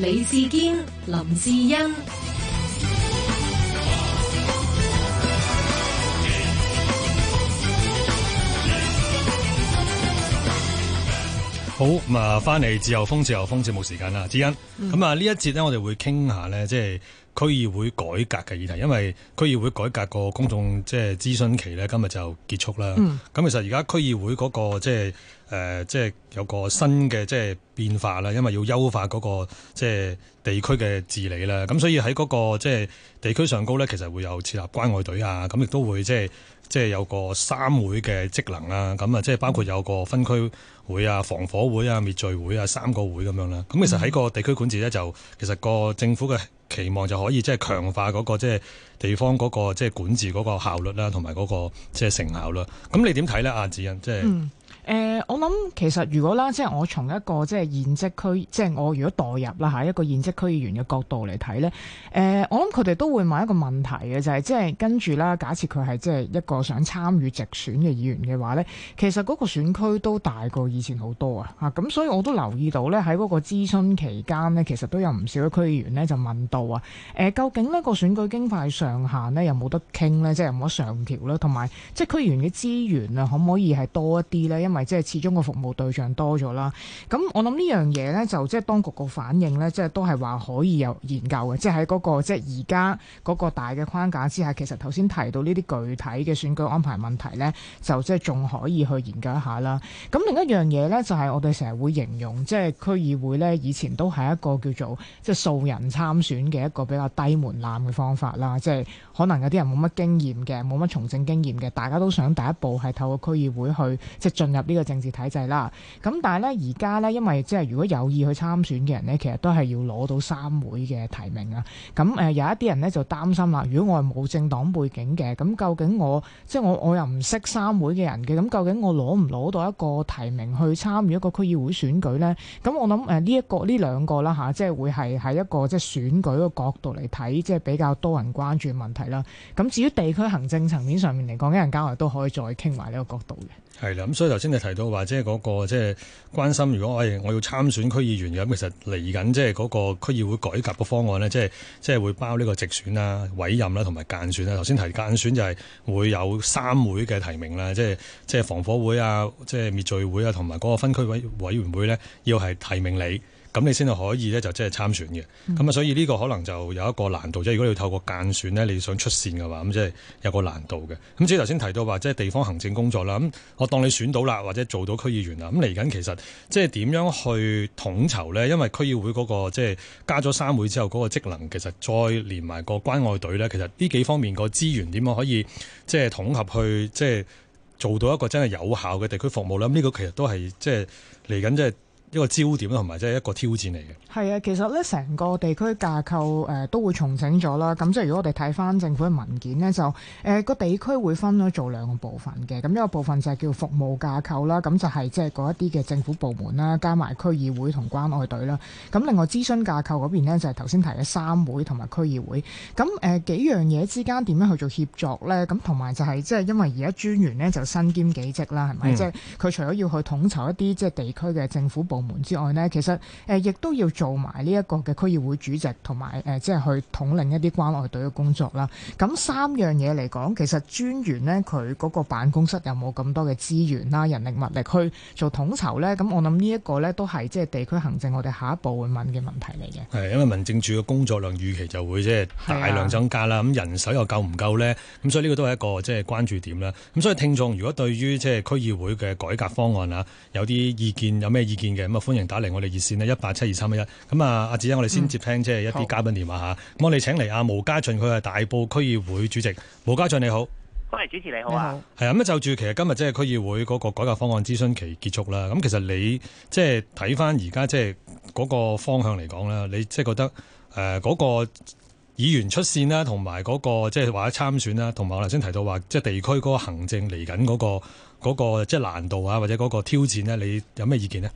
李志堅、林志恩，好咁啊！翻嚟自由風，自由風節目時間啦，志恩。咁、嗯、啊，呢一節咧，我哋會傾下咧，即係區議會改革嘅議題，因為區議會改革個公眾即係諮詢期咧，今日就結束啦。咁、嗯、其實而家區議會嗰、那個即係誒，即、呃、係有個新嘅即係變化啦。因為要優化嗰個即係地區嘅治理啦。咁所以喺嗰個即係地區上高咧，其實會有設立關愛隊啊。咁亦都會即係即係有個三會嘅職能啦。咁啊，即係包括有個分區會啊、防火會啊、滅罪會啊三個會咁樣啦。咁其實喺個地區管治咧，就其實個政府嘅。期望就可以即係強化嗰、那個即係、就是、地方嗰、那個即係、就是、管治嗰個效率啦，同埋嗰個即係、就是、成效啦。咁你點睇咧，阿、啊、子欣即係？就是嗯誒、呃，我諗其實如果啦，即係我從一個即係現職區，即係我如果代入啦一個現職區議員嘅角度嚟睇呢，誒、呃，我諗佢哋都會問一個問題嘅，就係即係跟住啦，假設佢係即係一個想參與直選嘅議員嘅話呢，其實嗰個選區都大過以前好多啊，咁，所以我都留意到呢，喺嗰個諮詢期間呢，其實都有唔少嘅區議員呢就問到啊、呃，究竟呢、個選舉經費上限呢，有冇得傾呢？即係有冇得上調啦，同埋即係區議員嘅資源啊，可唔可以係多一啲呢？因為咪即係始終個服務對象多咗啦，咁我諗呢樣嘢呢，就即係當局個反應呢，即係都係話可以有研究嘅，即係喺嗰個即係而家嗰個大嘅框架之下，其實頭先提到呢啲具體嘅選舉安排問題呢，就即係仲可以去研究一下啦。咁另一樣嘢呢，就係我哋成日會形容，即係區議會呢，以前都係一個叫做即係素人參選嘅一個比較低門檻嘅方法啦，即係可能有啲人冇乜經驗嘅，冇乜從政經驗嘅，大家都想第一步係透過區議會去即係進入。呢個政治體制啦，咁但係呢，而家呢，因為即係如果有意去參選嘅人呢，其實都係要攞到三會嘅提名啊。咁誒，有一啲人呢，就擔心啦，如果我係冇政黨背景嘅，咁究竟我即係我我又唔識三會嘅人嘅，咁究竟我攞唔攞到一個提名去參與一個區議會選舉呢？咁我諗誒，呢一個呢兩個啦嚇，即係會係喺一個即係選舉嘅角度嚟睇，即係比較多人關注嘅問題啦。咁至於地區行政層面上面嚟講，一陣間我哋都可以再傾埋呢個角度嘅。係啦，咁所以頭先你提到話，即係嗰個即係關心，如果我我要參選區議員嘅咁，其實嚟緊即係嗰個區議會改革嘅方案咧，即係即係會包呢個直選啦、委任啦同埋間選啦。頭先提間選就係會有三會嘅提名啦，即、嗯、係即防火會啊、即係滅罪會啊同埋嗰個分區委委員會咧，要係提名你。咁你先至可以咧，就即係參選嘅。咁啊，所以呢個可能就有一個難度，即係如果你透過間選咧，你想出線嘅話，咁即係有個難度嘅。咁即係頭先提到話，即係地方行政工作啦。咁我當你選到啦，或者做到區議員啦。咁嚟緊其實即係點樣去統籌咧？因為區議會嗰、那個即係加咗三會之後嗰個職能，其實再連埋個關愛隊咧，其實呢幾方面個資源點樣可以即係統合去即係做到一個真係有效嘅地區服務咧？咁、這、呢個其實都係即係嚟緊即係。一個焦點同埋即係一個挑戰嚟嘅。係啊，其實呢成個地區架構誒、呃、都會重整咗啦。咁即係如果我哋睇翻政府嘅文件呢，就誒個、呃、地區會分咗做兩個部分嘅。咁一個部分就係叫服務架構啦，咁就係即係嗰一啲嘅政府部門啦，加埋區議會同關愛隊啦。咁另外諮詢架構嗰邊呢，就係頭先提嘅三會同埋區議會。咁誒幾樣嘢之間點樣去做協作呢？咁同埋就係即係因為而家專員呢就身兼幾職啦，係咪？即係佢除咗要去統籌一啲即係地區嘅政府部門。部門之外呢，其實誒亦都要做埋呢一個嘅區議會主席，同埋誒即係去統領一啲關愛隊嘅工作啦。咁三樣嘢嚟講，其實專員呢，佢嗰個辦公室有冇咁多嘅資源啦、人力物力去做統籌呢？咁我諗呢一個呢，都係即係地區行政，我哋下一步會問嘅問題嚟嘅。係因為民政處嘅工作量預期就會即係大量增加啦，咁、啊、人手又夠唔夠呢？咁所以呢個都係一個即係關注點啦。咁所以聽眾如果對於即係區議會嘅改革方案啊，有啲意見，有咩意見嘅？咁啊，歡迎打嚟我哋熱線咧，一八七二三一一。咁、嗯、啊，阿子欣，我哋先接聽，即係一啲嘉賓電話吓。咁我哋請嚟阿毛家俊，佢係大埔區議會主席。毛家俊你好，歡迎。主持你好啊。係啊，咁就住其實今日即係區議會嗰個改革方案諮詢期結束啦。咁其實你即係睇翻而家即係嗰個方向嚟講咧，你即係覺得誒嗰個議員出線啦，同埋嗰個即係或者參選啦，同埋我頭先提到話，即係地區嗰個行政嚟緊嗰個嗰、嗰個即係難度啊，或者嗰個挑戰咧，你有咩意見呢？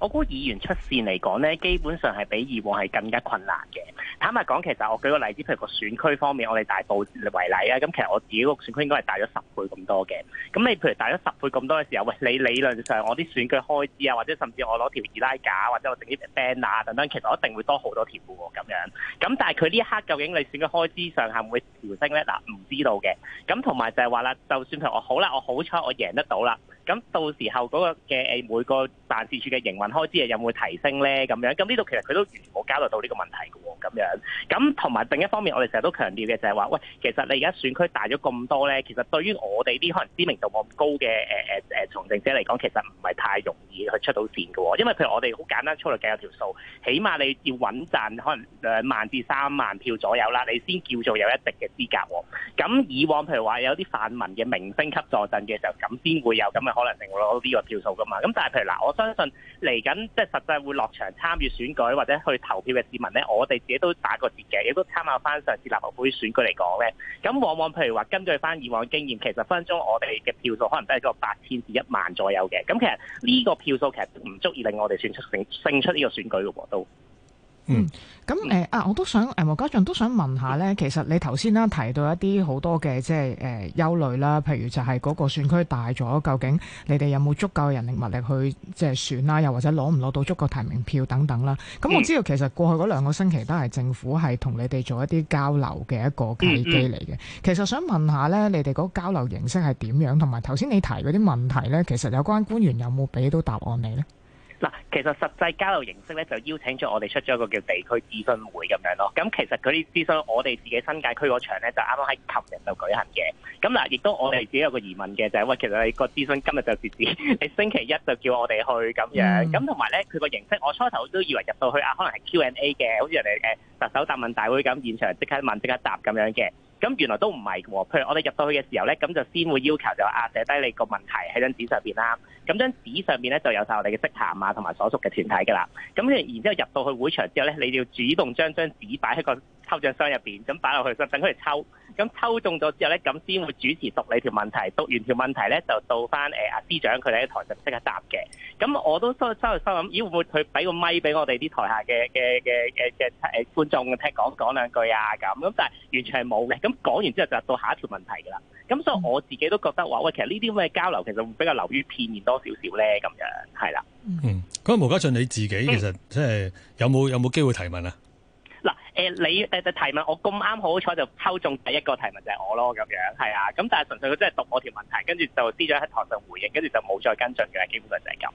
我估議員出線嚟講咧，基本上係比以往係更加困難嘅。坦白講，其實我舉個例子，譬如個選區方面，我哋大埔為例啊。咁其實我自己個選區應該係大咗十倍咁多嘅。咁你譬如大咗十倍咁多嘅時候，喂，你理論上我啲選區開支啊，或者甚至我攞條易拉架，或者我整啲 banner 等等，其實我一定會多好多條嘅喎。咁樣咁，但係佢呢一刻究竟你選區開支上係唔會調升咧？嗱，唔知道嘅。咁同埋就係話啦，就算譬如我好啦，我好彩我贏得到啦。咁到時候嗰個嘅每個辦事處嘅營運開支係有冇提升咧？咁樣咁呢度其實佢都完全冇交代到呢個問題嘅喎，咁樣咁同埋另一方面，我哋成日都強調嘅就係話，喂，其實你而家選區大咗咁多咧，其實對於我哋啲可能知名度冇咁高嘅誒誒誒從政者嚟講，其實唔係太容易去出到線嘅喎，因為譬如我哋好簡單粗略計下條數，起碼你要穩賺可能兩萬至三萬票左右啦，你先叫做有一定嘅資格。咁以往譬如話有啲泛民嘅明星級助陣嘅時候，咁先會有咁嘅？可能成攞到呢個票數噶嘛，咁但係譬如嗱，我相信嚟緊即係實際會落場參與選舉或者去投票嘅市民咧，我哋自己都打過折，亦都參考翻上次立法會選舉嚟講咧，咁往往譬如話根據翻以往的經驗，其實分分鐘我哋嘅票數可能都係個八千至一萬左右嘅，咁其實呢個票數其實唔足以令我哋選出勝勝出呢個選舉嘅喎都。嗯，咁誒、嗯嗯、啊，我都想誒，毛家、嗯、俊都想問下咧。其實你頭先啦提到一啲好多嘅即係誒憂慮啦，譬如就係嗰個選區大咗，究竟你哋有冇足夠嘅人力物力去即係選啦、啊，又或者攞唔攞到足夠提名票等等啦。咁、嗯、我知道其實過去嗰兩個星期都係政府係同你哋做一啲交流嘅一個契機嚟嘅、嗯。其實想問下咧，你哋嗰交流形式係點樣？同埋頭先你提嗰啲問題咧，其實有關官員有冇俾到答案你咧？其實實際交流形式咧，就邀請咗我哋出咗一個叫地區諮詢會咁樣咯。咁其實嗰啲諮詢，我哋自己新界區嗰場咧，就啱啱喺琴日就舉行嘅。咁嗱，亦都我哋自己有個疑問嘅，就係喂，其實你個諮詢今日就截止，你星期一就叫我哋去咁樣。咁同埋咧，佢個形式，我初頭都以為入到去啊，可能係 Q&A 嘅，好似人哋誒特首答問大會咁，現場即刻問即刻答咁樣嘅。咁原來都唔係喎，譬如我哋入到去嘅時候咧，咁就先會要求就啊寫低你個問題喺張紙上面啦，咁張紙上面咧就有晒我哋嘅職銜啊同埋所屬嘅團體㗎啦，咁然之後入到去會場之後咧，你要主動將張紙擺喺個抽獎箱入面，咁擺落去先等佢哋抽。咁抽中咗之後咧，咁先會主持讀你條問題，讀完條問題咧就到翻誒阿司長佢哋喺台就即刻答嘅。咁我都收收收諗，咦會唔會佢俾個咪俾我哋啲台下嘅嘅嘅嘅嘅誒觀眾聽講講兩句啊？咁咁但係完全係冇嘅。咁講完之後就到下一條問題㗎啦。咁、嗯、所以我自己都覺得話喂，其實呢啲咁嘅交流其實會比較流於片面多少少咧。咁樣係啦。嗯，咁啊，毛家俊你自己其實即係、嗯、有冇有冇機會提問啊？你提問，我咁啱好彩，就抽中第一個提問，就係我咯，咁樣係啊，咁但係純粹佢真係讀我條問題，跟住就知咗喺台上回應，跟住就冇再跟進嘅，基本上就係咁。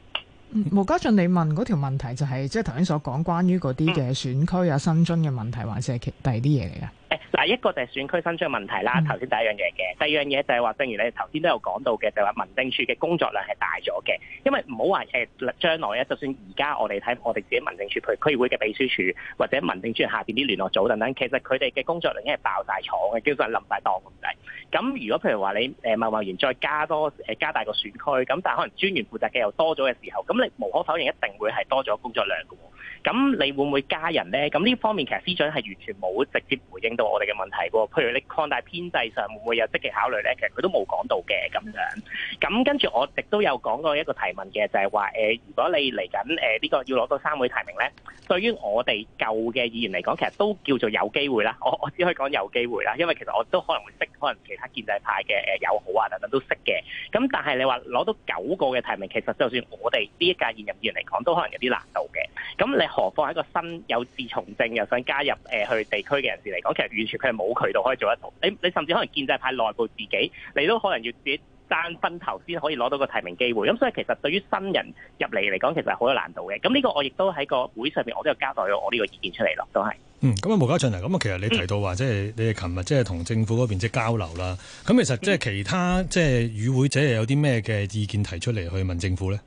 毛家俊，你問嗰條問題就係、是、即係頭先所講關於嗰啲嘅選區啊、新樽嘅問題，還是係其第二啲嘢嚟嘅？誒嗱，一個就係選區新增嘅問題啦。頭先第一樣嘢嘅，第二樣嘢就係話，正如你哋頭先都有講到嘅，就話民政處嘅工作量係大咗嘅。因為唔好話誒將來啊，就算而家我哋睇我哋自己民政處、區議會嘅秘書處或者民政處下邊啲聯絡組等等，其實佢哋嘅工作量已經係爆曬廠嘅，叫做冧曬檔嘅問題。咁如果譬如話你誒貿貿然再加多誒加大個選區，咁但係可能專員負責嘅又多咗嘅時候，咁你無可否否認一定會係多咗工作量嘅。咁你會唔會加人咧？咁呢方面其實司長係完全冇直接回應。到我哋嘅問題喎，譬如你擴大編制上會唔會有積極考慮咧？其實佢都冇講到嘅咁樣。咁跟住我亦都有講過一個提問嘅，就係話誒，如果你嚟緊誒呢個要攞到三個提名咧，對於我哋舊嘅議員嚟講，其實都叫做有機會啦。我我只可以講有機會啦，因為其實我都可能會識，可能其他建制派嘅誒友好啊等等都識嘅。咁但係你話攞到九個嘅提名，其實就算我哋呢一屆現任議員嚟講，都可能有啲難度嘅。咁你何況喺個新有志從政又想加入誒去地區嘅人士嚟講，其實完全佢係冇渠道可以做得到，你你甚至可能建制派內部自己，你都可能要自己爭分頭先可以攞到個提名機會。咁所以其實對於新人入嚟嚟講，其實係好有難度嘅。咁呢個我亦都喺個會上面，我都有交代咗我呢個意見出嚟咯，都係。嗯，咁啊，毛家俊啊，咁啊，其實你提到話，嗯，即係你哋琴日即係同政府嗰邊即係交流啦。咁其實即係其他即係與會者又有啲咩嘅意見提出嚟去問政府咧？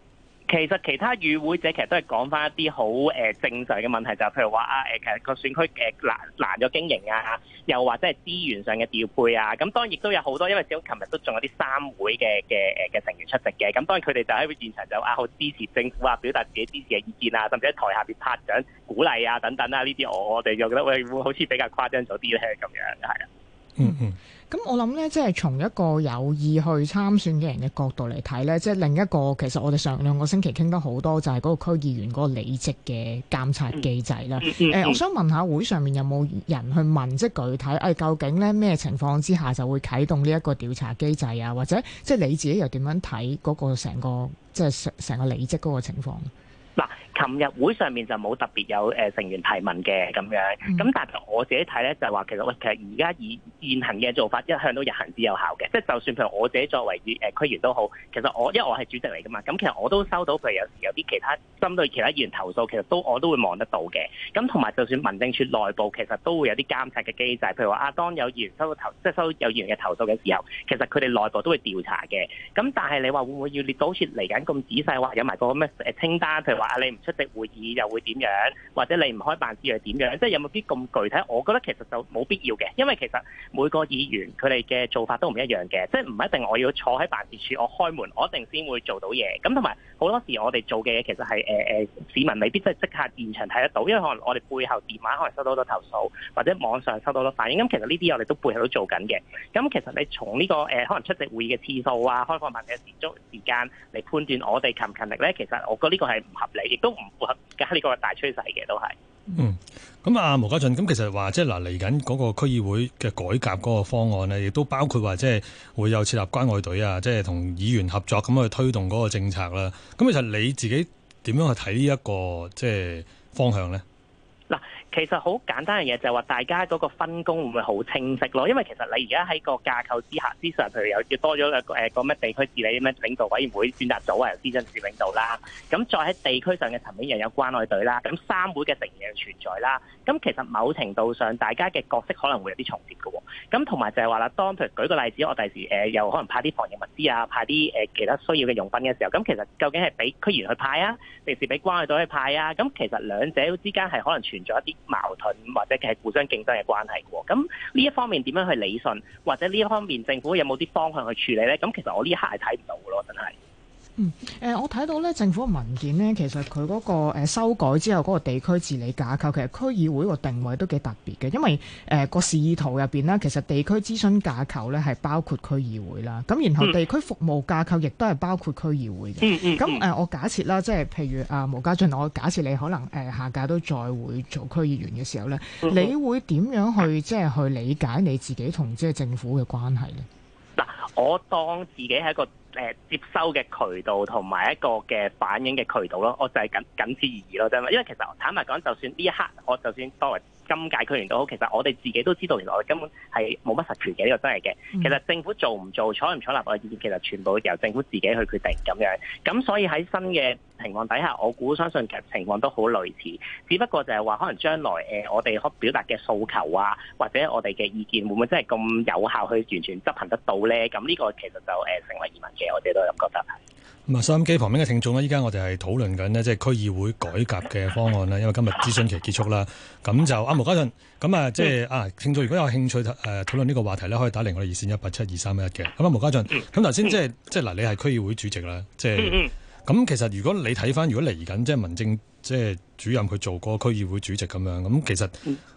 其實其他與會者其實都係講翻一啲好誒正常嘅問題，就譬如話啊誒，其實個選區誒難難咗經營啊，又或者係資源上嘅調配啊，咁當然亦都有好多，因為始終琴日都仲有啲三會嘅嘅誒嘅成員出席嘅，咁當然佢哋就喺現場就啊好支持政府啊，表達自己支持嘅意見啊，甚至喺台下邊拍掌鼓勵啊等等啊呢啲，我我哋就覺得會，好似比較誇張咗啲咧，咁樣係啊。嗯嗯。咁我諗呢，即係從一個有意去參選嘅人嘅角度嚟睇呢，即係另一個，其實我哋上兩個星期傾得好多，就係、是、嗰個區議員嗰個履職嘅監察機制啦，嗯嗯欸。我想問下會上面有冇人去問，即係具體，誒、哎，究竟呢咩情況之下就會啟動呢一個調查機制啊？或者，即係你自己又點樣睇嗰個成個即係成個履職嗰個情況？琴日會上面就冇特別有誒成員提問嘅咁樣，咁但係我自己睇咧就係話其實，喂，其實而家以現行嘅做法一向都日行之有效嘅，即係就算譬如我自己作為誒區議員都好，其實我因為我係主席嚟㗎嘛，咁其實我都收到譬如有時有啲其他針對其他議員投訴，其實都我都會望得到嘅。咁同埋就算民政處內部其實都會有啲監察嘅機制，譬如話啊，當有議員收到投即係收到有議員嘅投訴嘅時候，其實佢哋內部都會調查嘅。咁但係你話會唔會要列到好似嚟緊咁仔細話有埋個咩清單，譬如話啊你出席會議又會點樣，或者你唔開辦事又點樣？即係有冇啲咁具體？我覺得其實就冇必要嘅，因為其實每個議員佢哋嘅做法都唔一樣嘅，即係唔一定我要坐喺辦事處，我開門我一定先會做到嘢。咁同埋好多時我哋做嘅嘢其實係誒誒市民未必即係即刻現場睇得到，因為可能我哋背後電話可能收到好多投訴，或者網上收到好多反應。咁其實呢啲我哋都背後都做緊嘅。咁其實你從呢個誒、呃、可能出席會議嘅次數啊，開放辦事嘅時足時間嚟判斷我哋勤唔勤力咧？其實我覺得呢個係唔合理，亦都唔符合而家呢個大趨勢嘅都係，嗯，咁、嗯、啊，毛家俊，咁其實話即係嗱，嚟緊嗰個區議會嘅改革嗰個方案咧，亦都包括話即係會有設立關愛隊啊，即係同議員合作咁去推動嗰個政策啦。咁、啊、其實你自己點樣去睇呢一個即係方向咧？嗱、啊。其實好簡單嘅嘢就係話，大家嗰個分工會唔會好清晰咯？因為其實你而家喺個架構之下，之上譬如有要多咗誒個咩地區治理咩領導委員會專責組啊，由資深市領導啦。咁再喺地區上嘅層面又有關愛隊啦。咁三會嘅成員存在啦。咁其實某程度上，大家嘅角色可能會有啲重疊嘅。咁同埋就係話啦，當譬如舉個例子，我第時誒又可能派啲防疫物資啊，派啲誒其他需要嘅用品嘅時候，咁其實究竟係俾區員去派啊，定時俾關愛隊去派啊？咁其實兩者之間係可能存在一啲。矛盾或者佢係互相競爭嘅關係喎，咁呢一方面點樣去理順，或者呢一方面政府有冇啲方向去處理呢？咁其實我呢刻係睇唔到咯，真係。嗯，誒、呃，我睇到咧，政府嘅文件咧，其實佢嗰、那個、呃、修改之後嗰個地區治理架構，其實區議會個定位都幾特別嘅，因為誒、呃、個示意圖入邊咧，其實地區諮詢架構咧係包括區議會啦，咁然後地區服務架構亦都係包括區議會嘅。咁、嗯、誒、呃嗯嗯呃，我假設啦，即係譬如啊，毛家俊，我假設你可能誒、呃、下屆都再會做區議員嘅時候咧、嗯，你會點樣去即係去理解你自己同即係政府嘅關係咧？嗱，我當自己係一個。誒，接收嘅渠道同埋一個嘅反映嘅渠道咯，我就係僅僅此而已咯，啫嘛。因為其實坦白講，就算呢一刻，我就算當今屆區議員都好，其實我哋自己都知道，原來我哋根本係冇乜實權嘅呢、呢個真係嘅。其實政府做唔做、採唔採納我嘅意見，其實全部由政府自己去決定咁樣。咁所以喺新嘅情況底下，我估相信其實情況都好類似，只不過就係話可能將來誒我哋可表達嘅訴求啊，或者我哋嘅意見會唔會真係咁有效去完全執行得到咧？咁呢個其實就誒成為疑問嘅，我哋都係咁覺得。咁啊，收音機旁邊嘅聽眾咧，依家我哋係討論緊咧，即係區議會改革嘅方案咧，因為今日諮詢期結束啦。咁就阿毛家俊，咁啊，即係、嗯、啊，聽眾如果有興趣誒討論呢個話題咧，可以打嚟我哋熱線一八七二三一一嘅。咁啊，毛家俊，咁頭先即係即係嗱，你係區議會主席啦，即係，咁、嗯、其實如果你睇翻，如果嚟緊即係民政即係主任去做個區議會主席咁樣，咁其實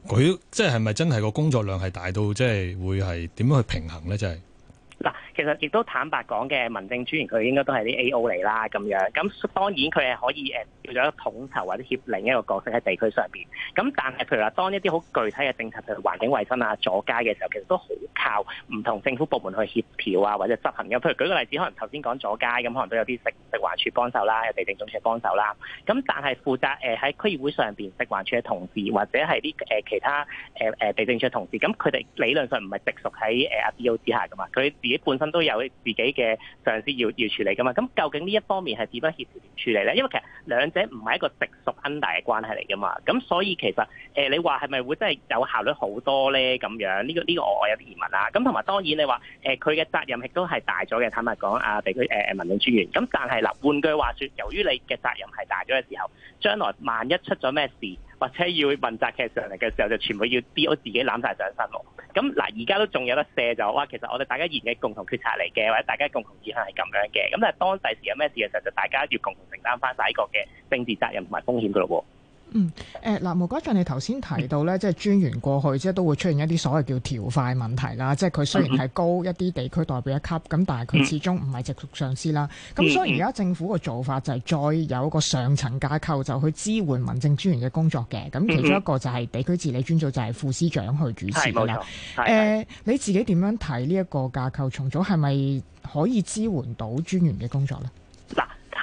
佢即係係咪真係個工作量係大到即係會係點樣去平衡咧？即係。其實亦都坦白講嘅，民政專員佢應該都係啲 A.O. 嚟啦，咁樣。咁當然佢係可以誒叫咗統籌或者協另一個角色喺地區上邊。咁但係譬如話，當一啲好具體嘅政策，譬如環境衞生啊、阻街嘅時候，其實都好靠唔同政府部門去協調啊，或者執行。咁譬如舉個例子，可能頭先講阻街，咁可能都有啲食食環處幫手啦，有地政總署幫手啦。咁但係負責誒喺區議會上邊食環處嘅同事，或者係啲誒其他誒誒地政處嘅同事，咁佢哋理論上唔係直屬喺誒 A.O. 之下噶嘛，佢。自己本身都有自己嘅上司要要處理噶嘛，咁究竟呢一方面係點樣協調處理咧？因為其實兩者唔係一個直屬 under 嘅關係嚟噶嘛，咁所以其實誒、呃、你話係咪會真係有效率好多咧？咁樣呢、呢個呢、呢個我有啲疑問啦。咁同埋當然你話誒佢嘅責任亦都係大咗嘅，坦白講啊，地區誒民政專員。咁但係嗱、呃，換句話説，由於你嘅責任係大咗嘅時候，將來萬一出咗咩事？或者要問責起上嚟嘅時候，就全部要啲我自己攬晒上身咯。咁嗱，而家都仲有得卸就哇，其實我哋大家議嘅共同決策嚟嘅，或者大家共同意向係咁樣嘅。咁但係當第時有咩事嘅時候，就大家要共同承擔翻曬一個嘅政治責任同埋風險噶咯喎。嗯，誒，嗱，毛家俊，你頭先提到咧、嗯，即係專員過去，即係都會出現一啲所謂叫條塊問題啦。即係佢雖然係高一啲地區代表一級，咁、嗯、但係佢始終唔係直屬上司啦。咁、嗯嗯、所以而家政府嘅做法就係再有一個上層架構就去支援民政專員嘅工作嘅。咁、嗯、其中一個就係地區治理專組就係副司長去主持啦。誒、嗯呃，你自己點樣睇呢一個架構重組，係咪可以支援到專員嘅工作咧？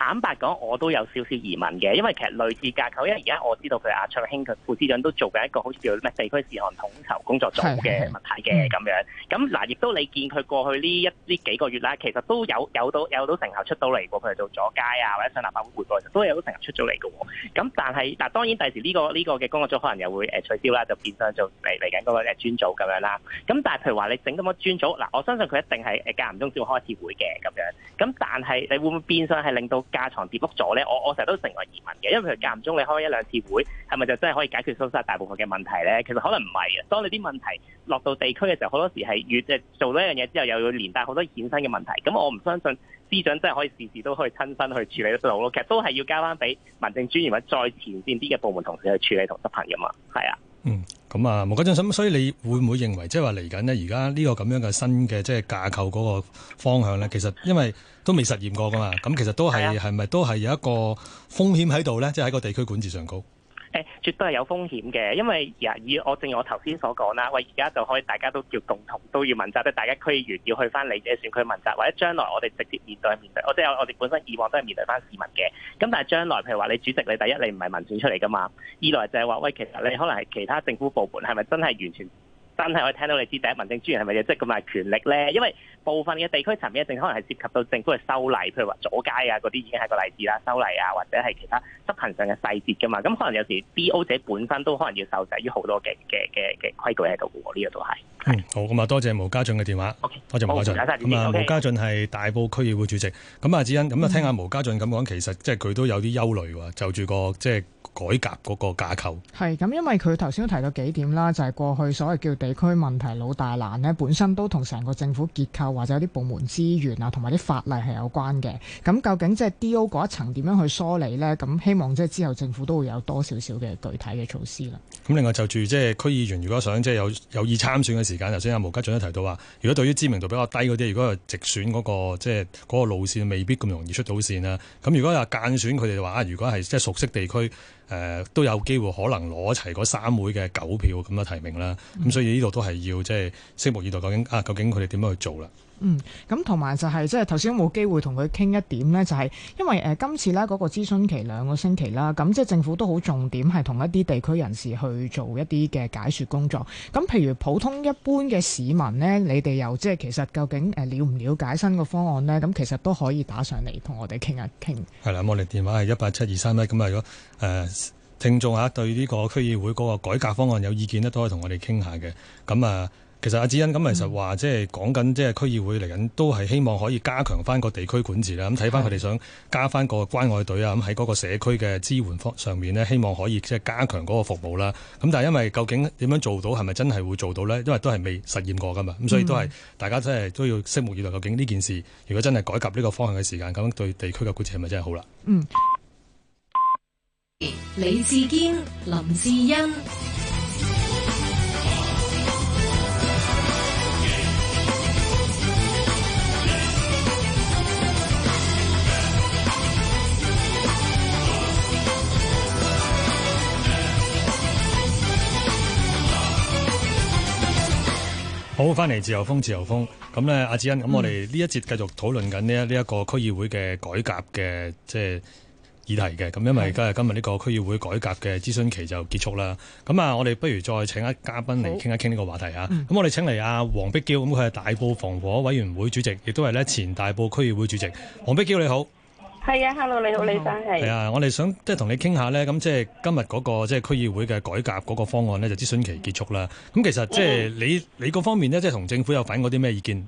坦白講，我都有少少疑問嘅，因為其實類似架構，因為而家我知道佢阿卓興佢副司長都做緊一個好似叫咩地區事項統籌工作組嘅問題嘅咁、嗯、樣。咁嗱，亦都你見佢過去呢一呢幾個月啦，其實都有有到有到成效出到嚟過，佢哋做咗街啊或者上立法會會過，都有到成效出咗嚟嘅。咁但係嗱，當然第時呢、呢個呢、呢個嘅工作組可能又會、呃、取消啦，就變相做嚟嚟緊嗰個誒專組咁樣啦。咁但係譬如話你整咁多專組，嗱我相信佢一定係誒間唔中先會開次會嘅咁樣。咁但係你會唔會變相係令到？架床疊屋咗咧，我我成日都成為疑問嘅，因為佢實間唔中你開一兩次會，係咪就真係可以解決收失大部分嘅問題咧？其實可能唔係嘅，當你啲問題落到地區嘅時候，好多時係越即係做咗一樣嘢之後，又要連帶好多衍生嘅問題。咁我唔相信司長真係可以時時都可以親身去處理得到咯。其實都係要交翻俾民政專員或者再前線啲嘅部門同事去處理同執行嘅嘛。係啊，嗯。咁啊，毛家俊，咁所以你會唔會認為即係話嚟緊咧？而家呢個咁樣嘅新嘅即係架構嗰個方向咧，其實因為都未實驗過噶嘛，咁其實都係係咪都係有一個風險喺度咧？即係喺個地區管治上高。誒，絕對係有風險嘅，因為呀，以我正如我頭先所講啦，喂，而家就可以大家都叫共同都要問責，即係大家區議員要去翻你嘅選區問責，或者將來我哋直接面對面對，我即係我哋本身以往都係面對翻市民嘅，咁但係將來譬如話你主席你第一你唔係民選出嚟噶嘛，二來就係話喂，其實你可能係其他政府部門，係咪真係完全？真係我聽到你知第一，民政專員係咪亦即係咁嘅權力咧？因為部分嘅地區層面嘅定可能係涉及到政府嘅修例，譬如話阻街啊嗰啲已經係個例子啦，修例啊或者係其他執行上嘅細節㗎嘛。咁可能有時 B.O. 者本身都可能要受制於好多嘅嘅嘅嘅規矩喺度喎，呢個都係。好咁啊！多謝毛家俊嘅電話，okay, 多謝毛家俊。咁啊，okay. 毛家俊係大埔區議會主席。咁啊，子欣咁啊、嗯，聽下毛家俊咁講，其實即係佢都有啲憂慮喎，就住個即係。改革嗰個架構係咁，因為佢頭先都提到幾點啦，就係、是、過去所謂叫地區問題老大難呢，本身都同成個政府結構或者有啲部門資源啊，同埋啲法例係有關嘅。咁究竟即係 D.O. 嗰一層點樣去梳理呢？咁希望即係之後政府都會有多少少嘅具體嘅措施啦。咁另外就住即係區議員，如果想即係有有意參選嘅時間，頭先阿毛家俊都提到話如果對於知名度比較低嗰啲，如果直選嗰、那個即係嗰個路線未必咁容易出到線啊。咁如果係間選，佢哋話啊，如果係即係熟悉地區。誒、呃、都有機會可能攞齊嗰三會嘅九票咁樣提名啦，咁、嗯、所以呢度都係要即係拭目以待究竟啊，究竟佢哋點樣去做啦？嗯，咁同埋就係即係頭先冇機會同佢傾一點呢？就係、是、因為、呃、今次呢嗰個諮詢期兩個星期啦，咁即係政府都好重點係同一啲地區人士去做一啲嘅解說工作。咁譬如普通一般嘅市民呢，你哋又即係其實究竟了唔了解新嘅方案呢？咁其實都可以打上嚟同我哋傾一傾。係啦，我哋電話係一八七二三一。咁如果誒、呃、聽眾下對呢個區議會嗰個改革方案有意見呢，都可以同我哋傾下嘅。咁啊～、呃其實阿智恩咁，其實話即係講緊即係區議會嚟緊，都係希望可以加強翻個地區管治啦。咁睇翻佢哋想加翻個關愛隊啊，咁喺嗰個社區嘅支援方上面呢，希望可以即係加強嗰個服務啦。咁但係因為究竟點樣做到，係咪真係會做到呢？因為都係未實驗過噶嘛，咁所以都係大家真係都要拭目以待。究竟呢件事如果真係改革呢個方向嘅時間，咁對地區嘅管治係咪真係好啦？嗯，李志堅、林志恩。好，翻嚟自由風，自由風。咁咧，阿志恩，咁我哋呢一節繼續討論緊呢一呢一個區議會嘅改革嘅即係議題嘅。咁因為而家係今日呢個區議會改革嘅諮詢期就結束啦。咁啊，我哋不如再請一嘉賓嚟傾一傾呢個話題啊。咁我哋請嚟阿黃碧嬌，咁佢係大埔防火委員會主席，亦都係咧前大埔區議會主席。黃碧嬌你好。係啊，Hello，你好，李生係。係啊，我哋想即係同你傾下咧，咁即係今日嗰個即係區議會嘅改革嗰個方案咧，就諮詢期結束啦。咁其實即係你、yeah. 你嗰方面咧，即係同政府有反映過啲咩意見？誒、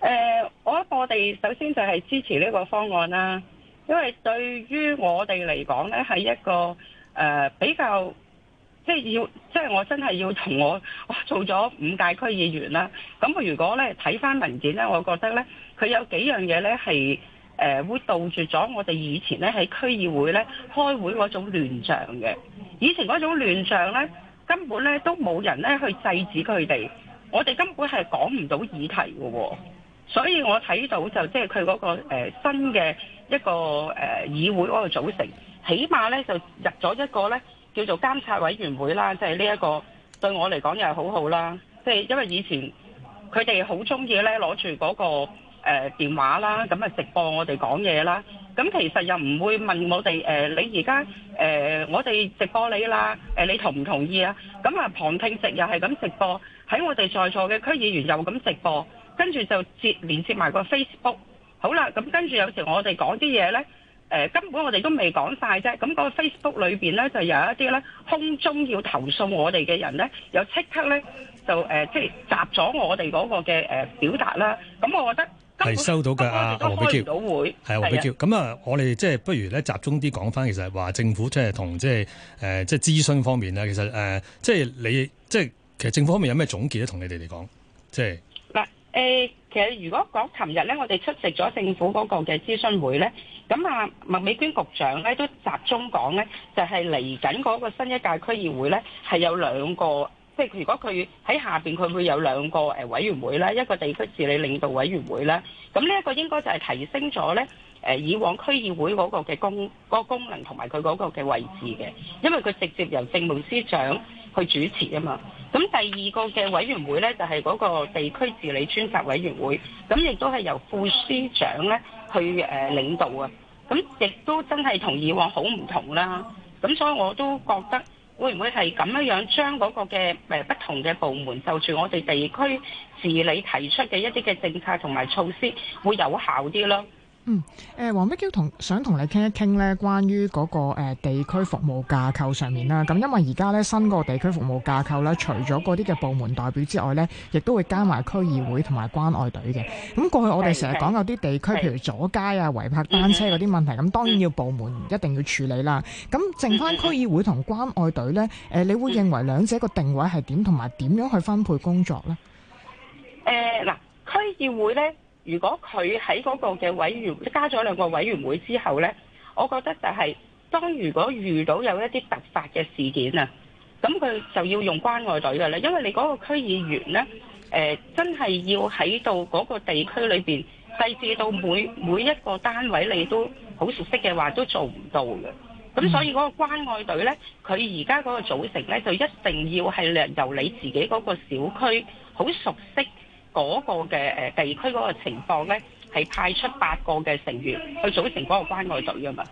呃，我我哋首先就係支持呢個方案啦，因為對於我哋嚟講咧，係一個誒、呃、比較即係要即係我真係要同我我做咗五屆區議員啦。咁如果咧睇返文件咧，我覺得咧佢有幾樣嘢咧係。誒會杜絕咗我哋以前咧喺區議會咧開會嗰種亂象嘅，以前嗰種亂象咧根本咧都冇人咧去制止佢哋，我哋根本係講唔到議題嘅喎，所以我睇到就即係佢嗰個新嘅一個誒議會嗰個組成，起碼咧就入咗一個咧叫做監察委員會啦，即係呢一個對我嚟講又係好好啦，即係因為以前佢哋好中意咧攞住嗰個。誒、呃、電話啦，咁啊直播我哋講嘢啦，咁其實又唔會問我哋誒、呃，你而家誒我哋直播你啦，呃、你同唔同意啊？咁啊旁聽席又係咁直播，喺我哋在座嘅區議員又咁直播，跟住就接連接埋個 Facebook，好啦，咁跟住有時我哋講啲嘢呢，誒、呃、根本我哋都未講晒啫，咁、嗰個 Facebook 裏面呢，就有一啲呢空中要投訴我哋嘅人呢，又即刻呢，就、呃、即係集咗我哋嗰個嘅表達啦，咁我覺得。係收到嘅阿啊，黃碧嬌係黃碧嬌。咁啊，我哋即係不如咧集中啲講返，其實話政府即係同即係誒，即係諮詢方面啊。其實誒、呃，即係你即係其實政府方面有咩總結咧？同你哋嚟講，即係嗱誒，其實如果講琴日咧，我哋出席咗政府嗰個嘅諮詢會咧，咁啊，麥美娟局，局長咧都集中講咧，就係嚟緊嗰個新一屆區議會咧係有兩個。即係如果佢喺下邊，佢會有兩個誒委員會啦，一個地區治理領導委員會啦，咁呢一個應該就係提升咗咧誒以往區議會嗰個嘅功個功能同埋佢嗰個嘅位置嘅，因為佢直接由政務司長去主持啊嘛。咁第二個嘅委員會呢，就係嗰個地區治理專責委員會，咁亦都係由副司長咧去誒領導啊。咁亦都真係同以往好唔同啦。咁所以我都覺得。會唔會係咁樣樣將嗰個嘅誒不同嘅部門就住我哋地區治理，提出嘅一啲嘅政策同埋措施會有效啲咯？嗯，誒，黃碧嬌，同想同你傾一傾咧，關於嗰個誒地區服務架構上面啦。咁因為而家咧新個地區服務架構咧，除咗嗰啲嘅部門代表之外咧，亦都會加埋區議會同埋關愛隊嘅。咁過去我哋成日講有啲地區，譬如阻街啊、違泊單車嗰啲問題，咁當然要部門一定要處理啦。咁剩翻區議會同關愛隊咧，誒，你會認為兩者個定位係點，同埋點樣去分配工作咧？誒、呃，嗱，區議會咧。如果佢喺嗰個嘅委員加咗兩個委員會之後咧，我覺得就係、是、當如果遇到有一啲突發嘅事件啊，咁佢就要用關愛隊嘅啦，因為你嗰個區議員咧，誒、呃、真係要喺到嗰個地區裏邊細緻到每每一個單位你都好熟悉嘅話都做唔到嘅。咁所以嗰個關愛隊咧，佢而家嗰個組成咧，就一定要係由由你自己嗰個小區好熟悉。嗰、那個嘅地區嗰個情況呢，係派出八個嘅成員去組成嗰個關愛隊啊嘛。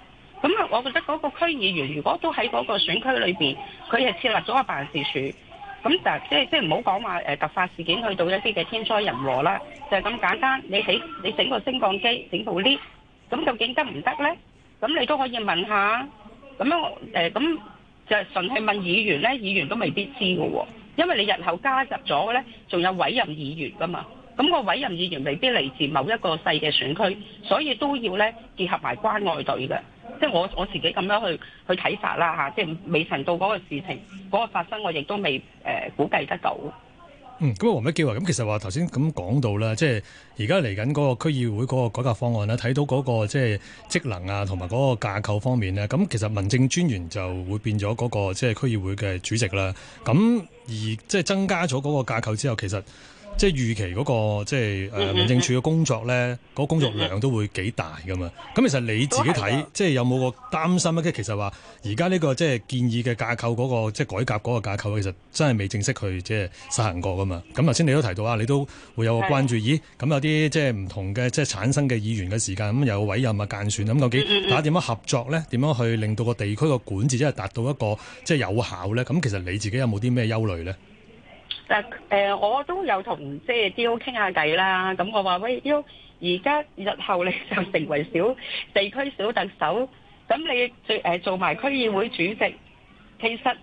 咁啊，我覺得嗰個區議員如果都喺嗰個選區裏面，佢係設立咗個辦事處。咁就即係即係唔好講話突發事件去到一啲嘅天災人禍啦，就係、是、咁簡單。你起你整個升降機整部 lift，咁究竟得唔得呢？咁你都可以問下。咁樣，咁就純係問議員呢，議員都未必知㗎喎。因為你日後加入咗咧，仲有委任議員噶嘛，咁、嗰個委任議員未必嚟自某一個細嘅選區，所以都要咧結合埋關愛隊嘅，即係我我自己咁樣去去睇法啦吓，即係未順到嗰個事情嗰、嗰個發生，我亦都未誒、呃、估計得到。嗯，咁啊黃碧嬌啊，咁其實話頭先咁講到啦，即係而家嚟緊嗰個區議會嗰個改革方案啦，睇到嗰個即係職能啊，同埋嗰個架構方面咧，咁其實民政專員就會變咗嗰個即係區議會嘅主席啦。咁而即係增加咗嗰個架構之後，其實。即係預期嗰、那個即係誒、呃、民政處嘅工作咧，嗰、那個、工作量都會幾大噶嘛。咁其實你自己睇、啊，即係有冇個擔心咧、這個？即係其實話，而家呢個即係建議嘅架構嗰、那個即係改革嗰個架構，其實真係未正式去即係實行過噶嘛。咁頭先你都提到啊，你都會有個關注，咦？咁有啲即係唔同嘅即係產生嘅議員嘅時間，咁有委任呀間選咁究竟打點樣合作咧？點樣去令到個地區個管治真係達到一個即係有效咧？咁其實你自己有冇啲咩憂慮咧？但、呃、我都有同即係 DO 傾下偈啦。咁我話喂 DO 而家日後你就成為小地區小特首，咁你最、呃、做埋區議會主席，其實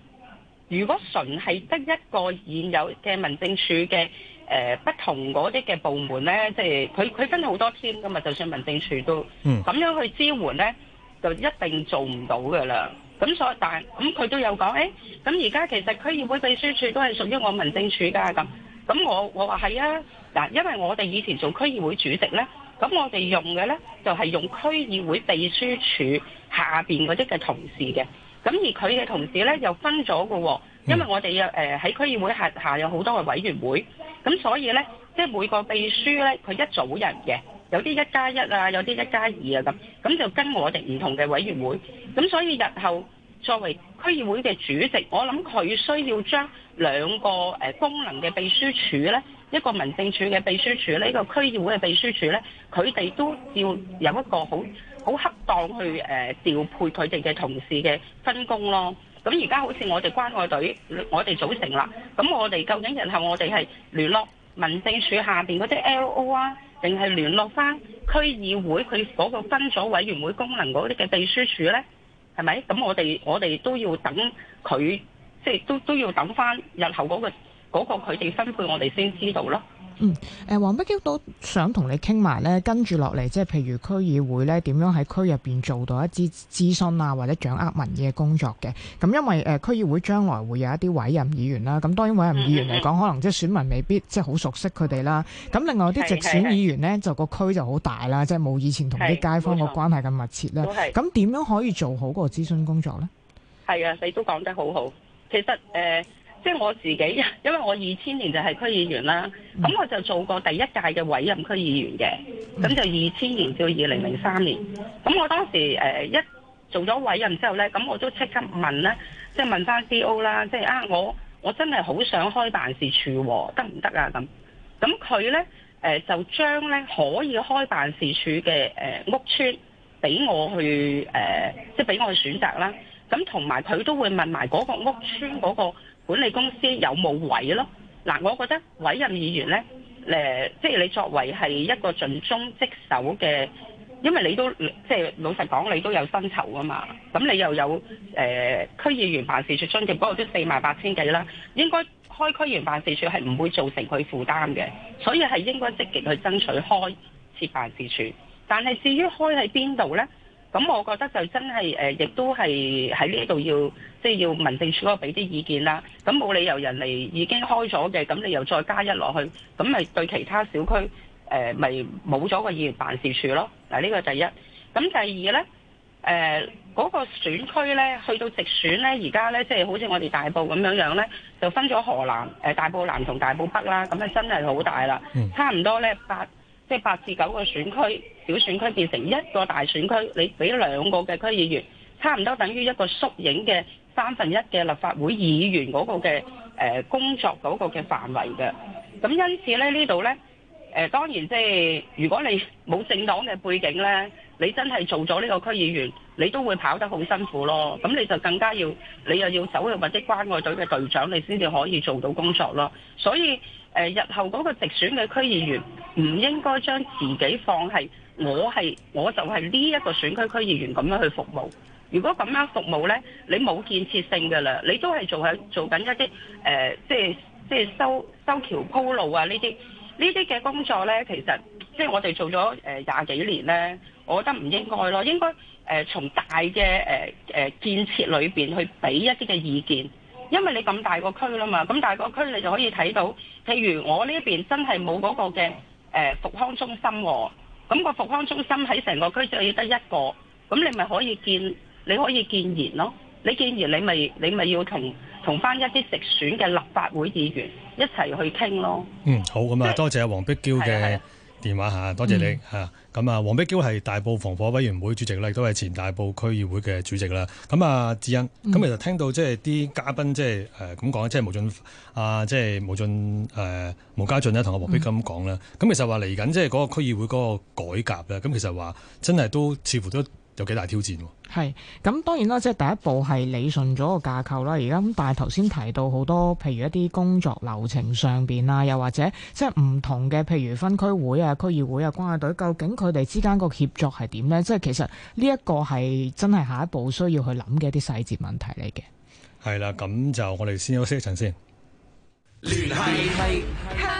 如果純係得一個現有嘅民政處嘅、呃、不同嗰啲嘅部門呢，即係佢佢分好多 team 噶嘛，就算民政處都咁樣去支援呢，就一定做唔到㗎啦。咁所但係咁佢都有講，誒咁而家其實區議會秘書處都係屬於我民政處㗎，咁咁我我話係啊，嗱，因為我哋以前做區議會主席咧，咁我哋用嘅咧就係用區議會秘書處下面嗰啲嘅同事嘅，咁而佢嘅同事咧又分咗㗎喎，因為我哋喺區議會下下有好多嘅委員會，咁所以咧即係每個秘書咧佢一組人嘅。有啲一加一啊，有啲一加二啊咁，咁就跟我哋唔同嘅委員會。咁所以日後作為區議會嘅主席，我諗佢需要將兩個功能嘅秘書處呢，一個民政處嘅秘書處呢，一個區議會嘅秘書處呢，佢哋都要有一個好好恰當去誒調配佢哋嘅同事嘅分工咯。咁而家好似我哋關愛隊，我哋組成啦，咁我哋究竟日後我哋係聯絡民政處下面嗰啲 L.O. 啊？定係聯絡翻區議會佢嗰個分組委員會功能嗰啲嘅秘書處呢？係咪？咁我哋我哋都要等佢，即係都都要等翻日後嗰個嗰個佢哋分配，我哋先知道咯。嗯，誒、呃，黃碧嬌都想同你傾埋咧，跟住落嚟，即係譬如區議會咧，點樣喺區入邊做到一啲諮詢啊，或者掌握民意嘅工作嘅？咁、嗯、因為誒，區、呃、議會將來會有一啲委任議員啦，咁當然委任議員嚟講、嗯嗯嗯，可能即係選民未必即係好熟悉佢哋啦。咁另外啲直選議員呢，就個區就好大啦，即係冇以前同啲街坊個關係咁密切啦。咁點樣可以做好個諮詢工作呢？係啊，你都講得好好。其實誒。呃即係我自己，因為我二千年就係區議員啦，咁我就做過第一屆嘅委任區議員嘅，咁就二千年至二零零三年。咁我當時、呃、一做咗委任之後呢，咁我都即刻問呢，即係問翻 C.O. 啦，即係啊，我我真係好想開辦事處、哦，得唔得啊？咁咁佢呢，呃、就將呢可以開辦事處嘅、呃、屋邨俾我去、呃、即係俾我去選擇啦。咁同埋佢都會問埋嗰個屋邨嗰、嗰個。管理公司有冇位咯？嗱、啊，我覺得委任議員呢，誒、呃，即係你作為係一個盡忠職守嘅，因為你都即係老實講，你都有薪酬啊嘛。咁你又有誒區、呃、議員辦事處津貼，嗰個都四萬八千幾啦。應該開區議員辦事處係唔會造成佢負擔嘅，所以係應該積極去爭取開設辦事處。但係至於開喺邊度呢？咁我覺得就真係誒，亦、呃、都係喺呢度要，即、就、係、是、要民政處嗰度俾啲意見啦。咁冇理由人哋已經開咗嘅，咁你又再加一落去，咁咪對其他小區誒咪冇咗個議員辦事處咯。嗱，呢個第一。咁第二呢，誒嗰、呃那個選區呢，去到直選呢，而家呢，即、就、係、是、好似我哋大埔咁樣樣呢，就分咗河南誒、呃、大埔南同大埔北啦。咁啊真係好大啦，差唔多呢。八。即係八至九個選區，小選區變成一個大選區，你俾兩個嘅區議員，差唔多等於一個縮影嘅三分之一嘅立法會議員嗰個嘅誒工作嗰個嘅範圍嘅。咁因此咧，呢度呢，誒，當然即係如果你冇政黨嘅背景呢，你真係做咗呢個區議員，你都會跑得好辛苦咯。咁你就更加要，你又要走去搵啲關愛隊嘅隊長，你先至可以做到工作咯。所以誒，日後嗰個直選嘅區議員唔應該將自己放係我係，我就係呢一個選區區議員咁樣去服務。如果咁樣服務呢，你冇建設性噶啦，你都係做響做緊一啲誒、呃，即係即係修修橋鋪路啊，呢啲呢啲嘅工作呢。其實即係我哋做咗誒廿幾年呢，我覺得唔應該咯，應該誒、呃、從大嘅誒誒建設裏邊去俾一啲嘅意見。因為你咁大個區啦嘛，咁大個區你就可以睇到，譬如我呢邊真係冇嗰個嘅誒、呃、復康中心喎、啊，咁、那個復康中心喺成個區只係得一個，咁你咪可以建，你可以建言咯，你建言你咪你咪要同同翻一啲直選嘅立法會議員一齊去傾咯。嗯，好咁啊，多謝黃碧嬌嘅、就是。電話嚇，多謝你嚇。咁、嗯、啊，黃碧嬌係大埔防火委員會主席啦，亦都係前大埔區議會嘅主席啦。咁啊，智恩，咁、嗯、其實聽到即係啲嘉賓即係誒咁講，即、呃、係、就是、無盡啊，即、就、係、是、毛俊誒、呃，毛家俊咧，同我黃碧咁講啦。咁、啊、其實話嚟緊即係嗰個區議會嗰個改革咧，咁其實話真係都似乎都。有幾大挑戰喎，啊？係咁，當然啦，即係第一步係理順咗個架構啦。而家咁，但係頭先提到好多，譬如一啲工作流程上面啊，又或者即係唔同嘅，譬如分區會啊、區議會啊、關愛隊，究竟佢哋之間個協作係點呢？即係其實呢一個係真係下一步需要去諗嘅一啲細節問題嚟嘅。係啦，咁就我哋先休息一陣先。聯繫